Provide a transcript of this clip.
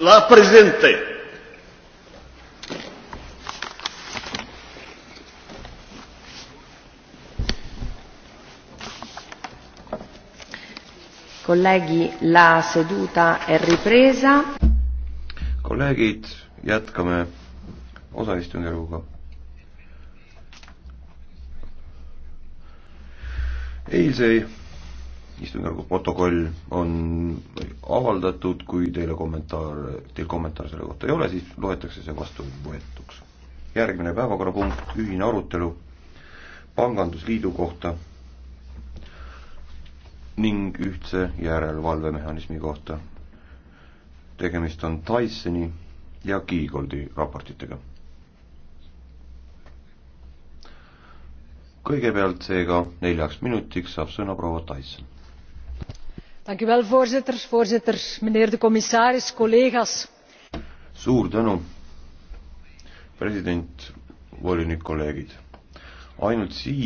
la Presidente. Colleghi, la seduta è ripresa. Kolleegid, jätkame osaistungjärguga. eilse istungjärgu nagu protokoll on avaldatud, kui teile kommentaar, teil kommentaare selle kohta ei ole, siis loetakse see vastuvõetuks. järgmine päevakorrapunkt, ühine arutelu pangandusliidu kohta ning ühtse järelevalvemehhanismi kohta. tegemist on Tysoni ja Kiigoldi raportitega kõigepealt seega neljaks minutiks saab sõna proua Tyson voorzitter mijnheer de commissaris collega's ainult siis kui me suudame tagada turvalise rände ja vastuvõtmise euroopa liitu on meil võimalik tagada ka julgeolek.